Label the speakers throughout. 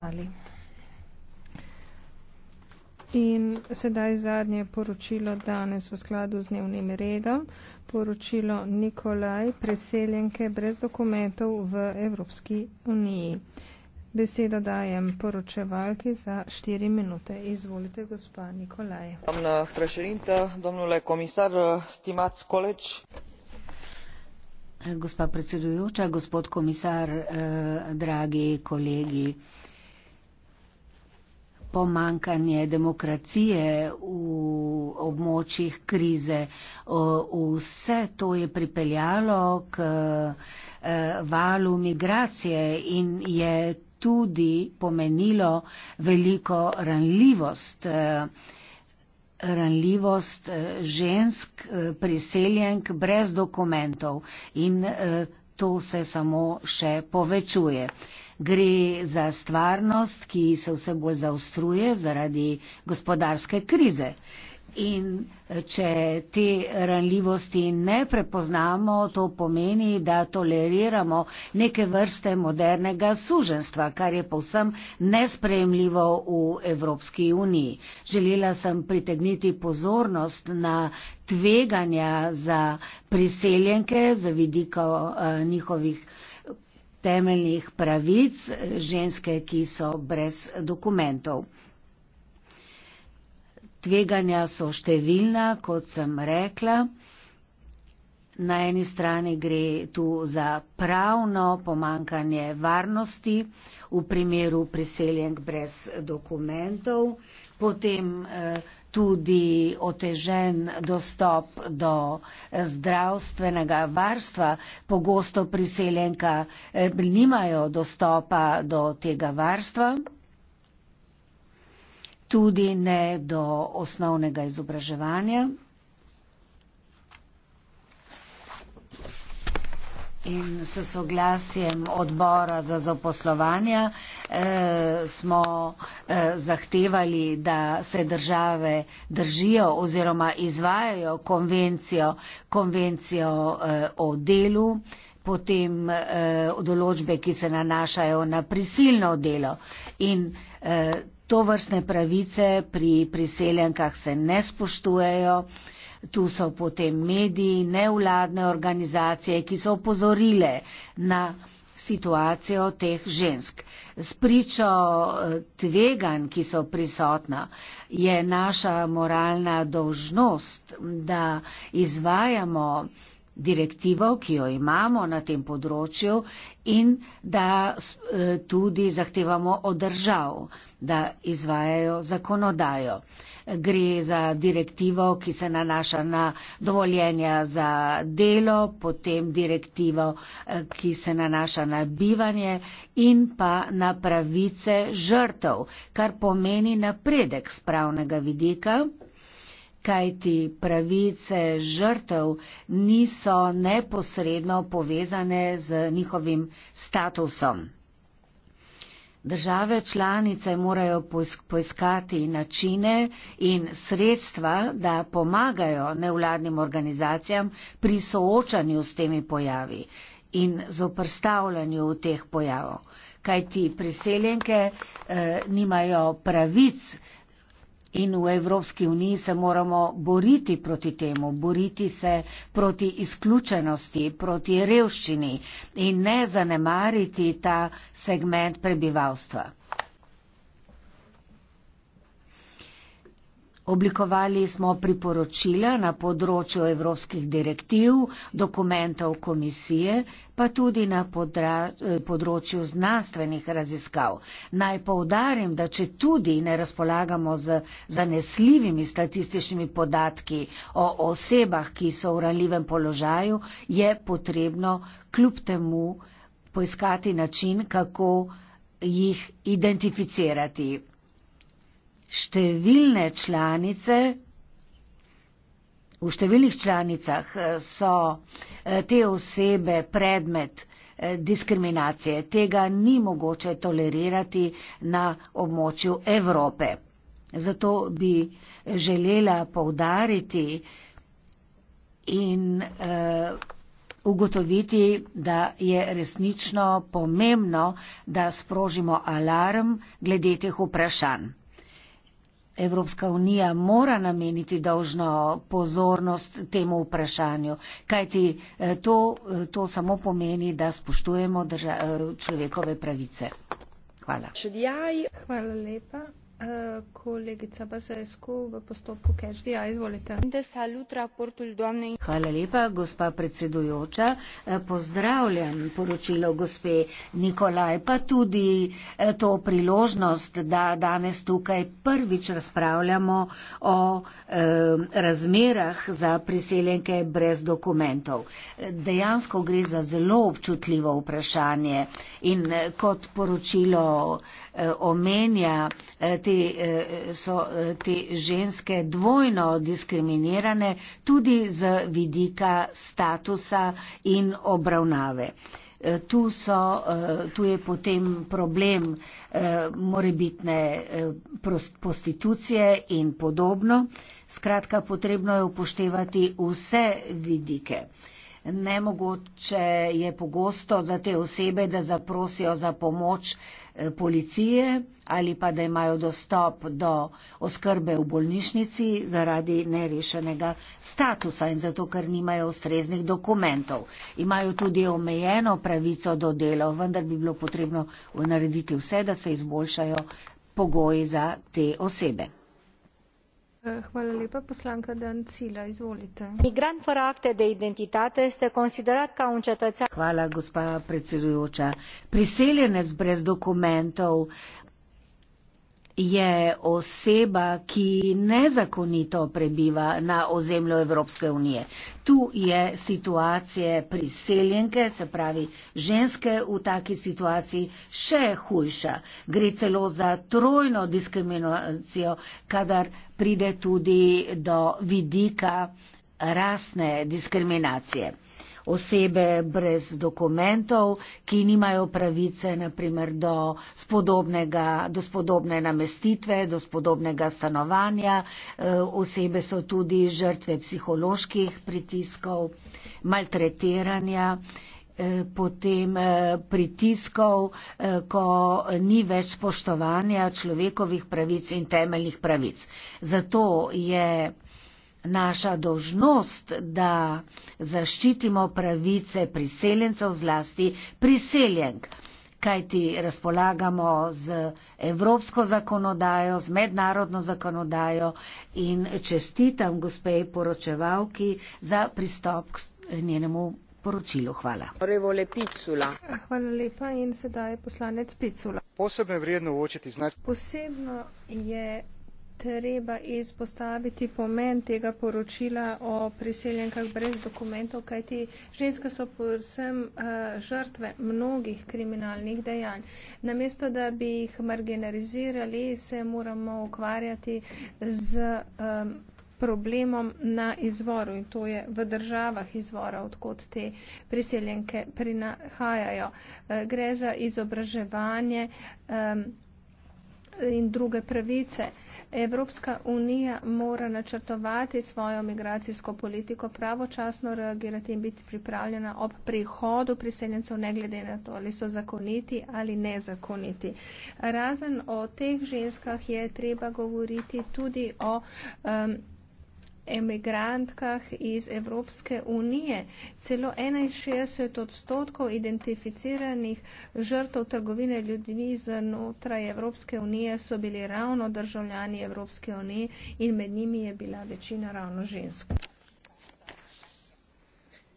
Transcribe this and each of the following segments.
Speaker 1: ali. In sedaj zadnje poročilo danes v skladu z dnevnim redom. Poročilo Nikolaj preseljenke brez dokumentov v Evropski uniji. Besedo dajem poročevalki za štiri minute. Izvolite, gospa Nikolaj. Domna Frešerinta, domnule komisar Stimac Koleč.
Speaker 2: Gospa predsedujoča, gospod komisar, eh, dragi kolegi. Eh, pomankanje demokracije v območjih krize. Vse to je pripeljalo k eh, valu migracije in je tudi pomenilo veliko ranljivost. Eh, ranljivost eh, žensk priseljenk brez dokumentov in to se samo še povečuje gre za stvarnost, ki se vse bolj zaostruje zaradi gospodarske krize. In eh, če te ranljivosti ne prepoznamo, to pomeni, da toleriramo neke vrste modernega suženstva, kar je povsem nespremljivo v Evropski uniji. Želela sem pritegniti pozornost na tveganja za priseljenke, za vidiko uh, eh, njihovih uh, temeljnih pravic ženske, ki so brez dokumentov. Tveganja so številna, kot sem rekla. Na eni strani gre tu za pravno pomankanje varnosti v primeru priseljenk brez dokumentov, potem eh, tudi otežen dostop do eh, zdravstvenega varstva. Pogosto priseljenka eh, nimajo dostopa do tega varstva, tudi ne do osnovnega izobraževanja. In s soglasjem odbora za zaposlovanja eh, smo eh, zahtevali, da se države držijo oziroma izvajajo konvencijo, konvencijo eh, o delu, potem eh, določbe, ki se nanašajo na prisilno delo. In eh, to vrstne pravice pri priseljenkah se ne spoštujejo. Eh, Tu so potem mediji, nevladne organizacije, ki so opozorile na situacijo teh žensk. S pričo eh, tvegan, ki so prisotna, je naša moralna dožnost, da izvajamo direktivo, ki jo imamo na tem področju in da eh, tudi zahtevamo od držav, da izvajajo zakonodajo. Gre za direktivo, ki se nanaša na dovoljenja za delo, potem direktivo, eh, ki se nanaša na bivanje in pa na pravice žrtev, kar pomeni napredek spravnega vidika kajti pravice žrtev niso neposredno povezane z njihovim statusom. Države članice morajo poiskati načine in sredstva, da pomagajo nevladnim organizacijam pri soočanju s temi pojavi in zoprstavljanju teh pojavov, kajti priseljenke eh, nimajo pravic eh, In v Evropski uniji se moramo boriti proti temu, boriti se proti izključenosti, proti revščini in ne zanemariti ta segment prebivalstva. Oblikovali smo priporočila na področju evropskih direktiv, dokumentov komisije, pa tudi na podra, eh, področju znanstvenih raziskav. Naj povdarim, da če tudi ne razpolagamo z zanesljivimi statističnimi podatki o osebah, ki so v ranljivem položaju, je potrebno kljub temu poiskati način, kako jih identificirati številne članice, v številnih članicah eh, so eh, te osebe predmet eh, diskriminacije. Tega ni mogoče tolerirati na območju Evrope. Zato bi želela povdariti in uh, ugotoviti, da je resnično pomembno, da sprožimo alarm glede teh vprašanj. Evropska unija mora nameniti dožno pozornost temu vprašanju, kajti eh, to, eh, to samo pomeni, da spoštujemo drža, eh, človekove pravice. Hvala.
Speaker 1: Hvala lepa kolegica Bazescu v postopku Kečdi. Ja, izvolite.
Speaker 2: Hvala lepa, gospa predsedujoča. E, pozdravljam poročilo gospe Nikolaj, pa tudi e, to priložnost, da danes tukaj prvič razpravljamo o e, razmerah za priseljenke brez dokumentov. Dejansko gre za zelo občutljivo vprašanje in kot poročilo omenja, te, eh, so eh, te ženske dvojno diskriminirane tudi z vidika statusa in obravnave. Eh, tu, so, tu je potem problem morebitne prostitucije in podobno. Skratka, potrebno je upoštevati vse vidike. Nemogoče je pogosto za te osebe, da zaprosijo za pomoč eh, policije ali pa da imajo dostop do oskrbe v bolnišnici zaradi nerešenega statusa in zato, ker nimajo ustreznih dokumentov. Imajo tudi omejeno pravico do delo, vendar bi bilo potrebno narediti vse, da se izboljšajo pogoji za te osebe.
Speaker 1: Eh, hvala lepa. Poslanka Dan Cila, izvolite.
Speaker 2: Migrant fora akte de identitate ste konsiderat ka un cetățean. Hvala, gospa predsedujoča. Priseljenec brez dokumentov je oseba, ki nezakonito prebiva na ozemlju Evropske unije. Tu je situacija priseljenke, se pravi ženske v taki situaciji, še hujša. Gre celo za trojno diskriminacijo, kadar pride tudi do vidika rasne diskriminacije osebe brez dokumentov, ki nimajo pravice naprimer do spodobnega, do spodobne namestitve, do spodobnega stanovanja. E, osebe so tudi žrtve psiholoških pritiskov, maltretiranja e, potem e, pritiskov, ko ni več spoštovanja človekovih pravic in temeljnih pravic. Zato je naša dožnost, da zaščitimo pravice priseljencev, zlasti priseljenk kajti razpolagamo z evropsko zakonodajo, z mednarodno zakonodajo in čestitam gospej poročevalki za pristop k njenemu poročilu. Hvala.
Speaker 1: Hvala lepa in sedaj poslanec Picula.
Speaker 2: Posebno je vredno uočiti
Speaker 1: znak. Posebno je treba izpostaviti pomen tega poročila o priseljenkah brez dokumentov, kajti ženske so povsem eh, žrtve mnogih kriminalnih dejanj. Namesto, da bi jih marginalizirali, se moramo ukvarjati z eh, problemom na izvoru in to je v državah izvora, odkot te priseljenke prinahajajo. Eh, gre za izobraževanje in druge pravice. Evropska unija mora načrtovati svojo migracijsko politiko, pravočasno reagirati in biti pripravljena ob prihodu priseljencev, ne glede na to, ali so zakoniti ali nezakoniti. Razen o teh ženskah je treba govoriti tudi o. Um, emigrantkah iz Evropske unije. Celo 61 odstotkov identificiranih žrtov trgovine ljudmi znotraj Evropske unije so bili ravno državljani Evropske unije in med njimi je bila večina ravno žensk.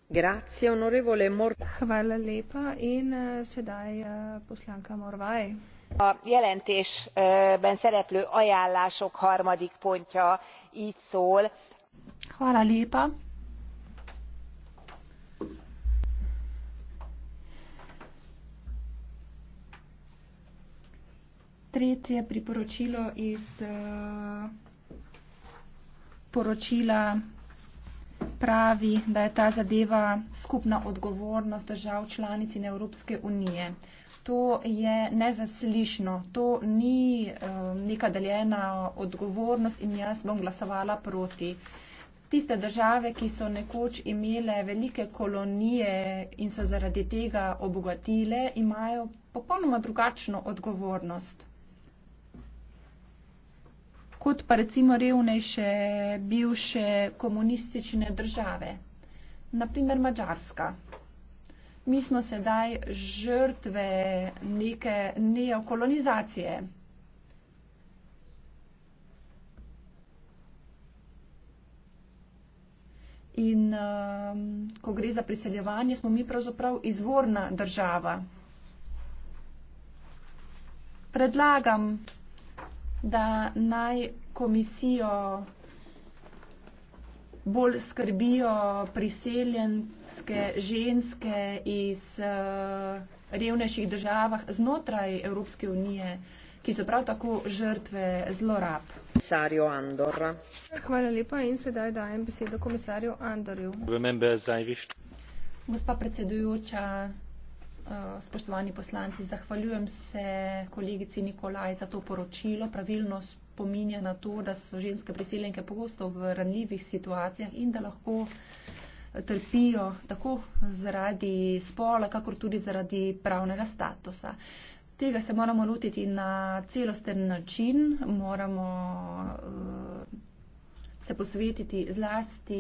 Speaker 1: Grazie, onorevole Mor. Hvala lepa in eh, sedaj eh, poslanka Morvaj.
Speaker 2: A jelentésben szereplő ajánlások harmadik pontja így szól,
Speaker 3: Hvala lepa. Tretje priporočilo iz uh, poročila pravi, da je ta zadeva skupna odgovornost držav članic in Evropske unije. To je nezaslišno, to ni uh, neka deljena odgovornost in jaz bom glasovala proti. Uh, tiste države, ki so nekoč imele velike kolonije in so zaradi tega obogatile, imajo popolnoma drugačno odgovornost kot pa recimo revnejše bivše komunistične države. Naprimer Mačarska. Mi smo sedaj žrtve neke neokolonizacije. in um, ko gre za priseljevanje, smo mi pravzaprav izvorna država. Predlagam, da naj komisijo bolj skrbijo priseljenske ženske iz uh, revnejših državah znotraj Evropske unije. Uh, ki so prav tako žrtve zlorab. Hvala lepa in sedaj dajem besedo komisarju Andorju. Gospa predsedujoča, eh, spoštovani poslanci, zahvaljujem se kolegici Nikolaj za to poročilo. Pravilno spominja na to, da so ženske priseljenke pogosto v ranljivih situacijah in da lahko eh, trpijo tako zaradi spola, kakor tudi zaradi pravnega statusa tega se moramo lotiti na celosten način, moramo uh, se posvetiti zlasti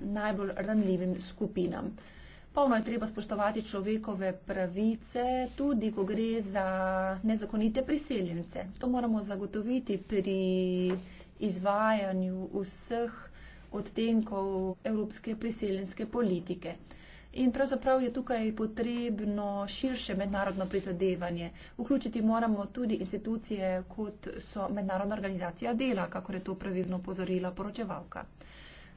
Speaker 3: najbolj ranljivim skupinam. Polno je treba spoštovati človekove pravice, tudi ko gre za nezakonite priseljence. To moramo zagotoviti pri izvajanju vseh odtenkov evropske priseljenske politike. In pravzaprav je tukaj potrebno širše mednarodno prizadevanje. Vključiti moramo tudi institucije, kot so Mednarodna organizacija dela, kako je to pravilno upozorila poročevalka.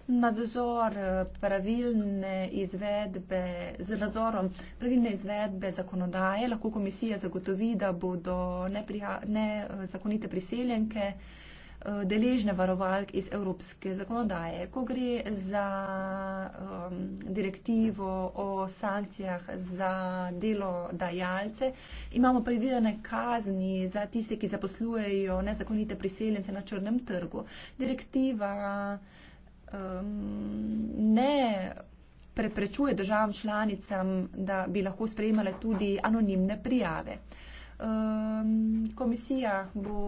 Speaker 3: Nadzor eh, pravilne izvedbe, z nadzorom pravilne izvedbe zakonodaje lahko komisija zagotovi, da bodo neprija, nezakonite eh, priseljenke. Eh, deležne varovalk iz evropske zakonodaje. Ko gre za um, direktivo o sankcijah za delodajalce, imamo predvidene kazni za tiste, ki zaposlujejo nezakonite priseljence na črnem trgu. Direktiva um, ne preprečuje državam članicam, da bi lahko sprejemale tudi anonimne prijave. Um, komisija bo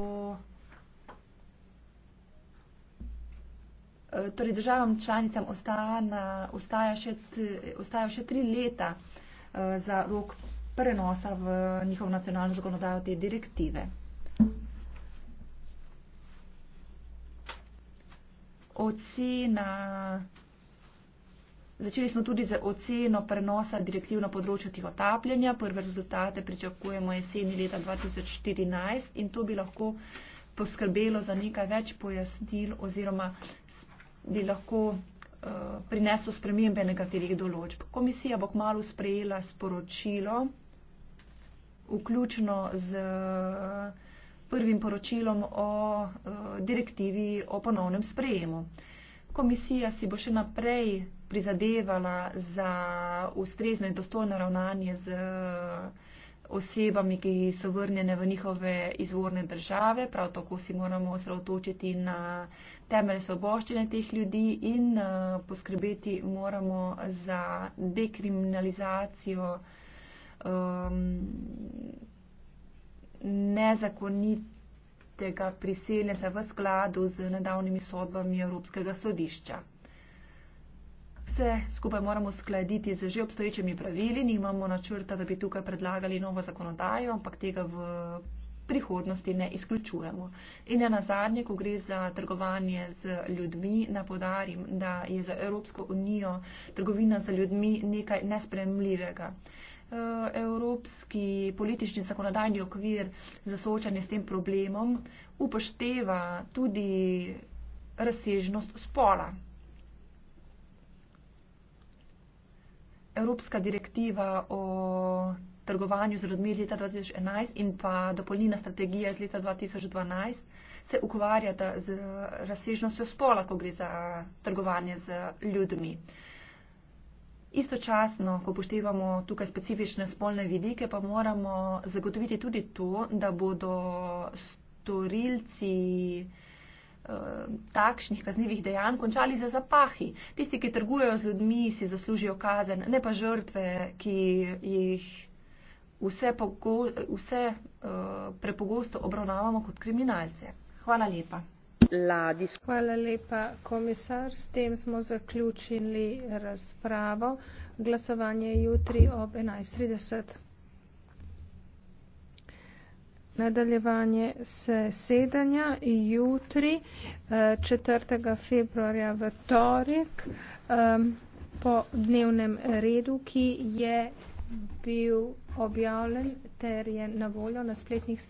Speaker 3: Eh, torej državam članicam ostana, ostaja še tri, ostaja še tri leta eh, za rok prenosa v njihov nacionalno zakonodajo te direktive. Ocena. Začeli smo tudi z oceno prenosa direktiv na področju tihotapljenja. Prve rezultate pričakujemo jeseni leta 2014 in to bi lahko poskrbelo za nekaj več pojasnil oziroma bi lahko uh, prinesel spremembe nekaterih določb. Komisija bo kmalo sprejela sporočilo, vključno z eh, prvim poročilom o uh, direktivi o ponovnem sprejemu. Komisija si bo še naprej prizadevala za ustrezne in dostojne ravnanje z uh, osebami, ki so vrnjene v njihove izvorne države. Prav tako si moramo osredotočiti na temelje svoboščine teh ljudi in eh, poskrbeti moramo za dekriminalizacijo um, nezakonitega priseljenca v skladu z nedavnimi sodbami Evropskega sodišča se skupaj moramo skladiti z že obstoječimi pravili. Nimamo načrta, da bi tukaj predlagali novo zakonodajo, ampak tega v prihodnosti ne izključujemo. In na zadnje, ko gre za trgovanje z ljudmi, napodarim, da je za Evropsko unijo trgovina z ljudmi nekaj nespremljivega. E, evropski politični zakonodajni okvir za soočanje s tem problemom upošteva tudi razsežnost spola. Evropska direktiva o trgovanju z rodmi iz leta 2011 in pa dopolnjena strategija iz leta 2012 se ukvarjata z razsežnostjo spola, ko gre za trgovanje z ljudmi. Istočasno, ko poštevamo tukaj specifične spolne vidike, pa moramo zagotoviti tudi to, da bodo storilci uh, Eh, takšnih kaznevih dejanj končali za zapahi. Tisti, ki trgujejo z ljudmi, si zaslužijo kazen, ne pa žrtve, ki jih vse, pogo, vse uh, prepogosto obravnavamo kot kriminalce. Hvala lepa.
Speaker 2: Ladis.
Speaker 1: Hvala
Speaker 3: lepa, komisar. S tem
Speaker 1: smo zaključili razpravo. Glasovanje je jutri ob 11.30 nadaljevanje sesedanja jutri, 4. Eh, februarja v torek, ehm, po dnevnem redu, ki je bil objavljen ter je na voljo na spletnih stranih.